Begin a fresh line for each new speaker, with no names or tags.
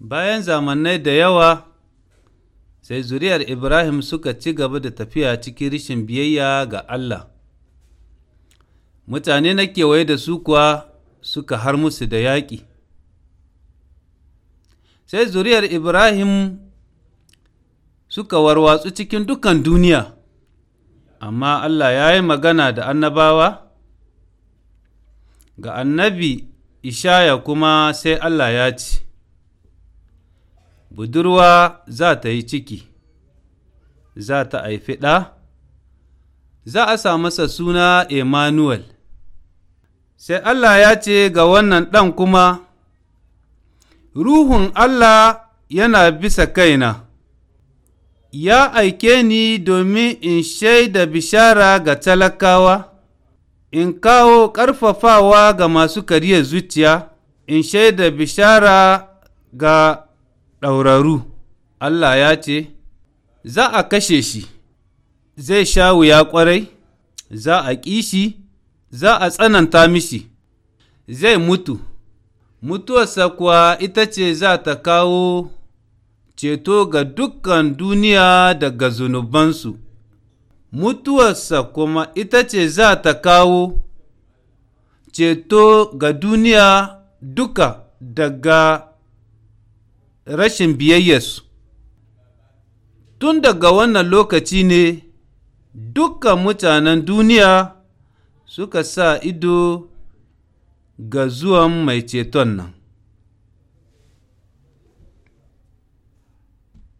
Bayan zamanai da yawa, sai zuriyar Ibrahim suka ci gaba da tafiya cikin rishin biyayya ga Allah. Mutane na kewaye da su kuwa suka har musu da yaƙi. Sai zuriyar Ibrahim suka warwatsu cikin dukan duniya, amma Allah ya yi magana da annabawa? Ga annabi Ishaya kuma sai Allah ya ci. budurwa za ta yi ciki, za ta haifi ɗa, za a sa masa suna Emmanuel. Sai Allah ya ce ga wannan ɗan kuma, Ruhun Allah yana bisa kaina, ya aike ni domin in shaida bishara ga talakawa, in kawo ƙarfafawa ga masu kariyar zuciya, in shaida bishara ga ɗauraru, Allah ya ce, Za a kashe shi, zai sha wuya ƙwarai, za a ƙi za a tsananta mishi, zai mutu, mutuwarsa kuwa ita ce za ta kawo ceto ga dukkan duniya daga zunubansu, mutuwarsa kuma ita ce za ta kawo ceto ga duniya duka daga rashin biyayyarsu. Tun daga wannan lokaci ne dukkan mutanen duniya suka sa ido ga zuwan mai ceton nan.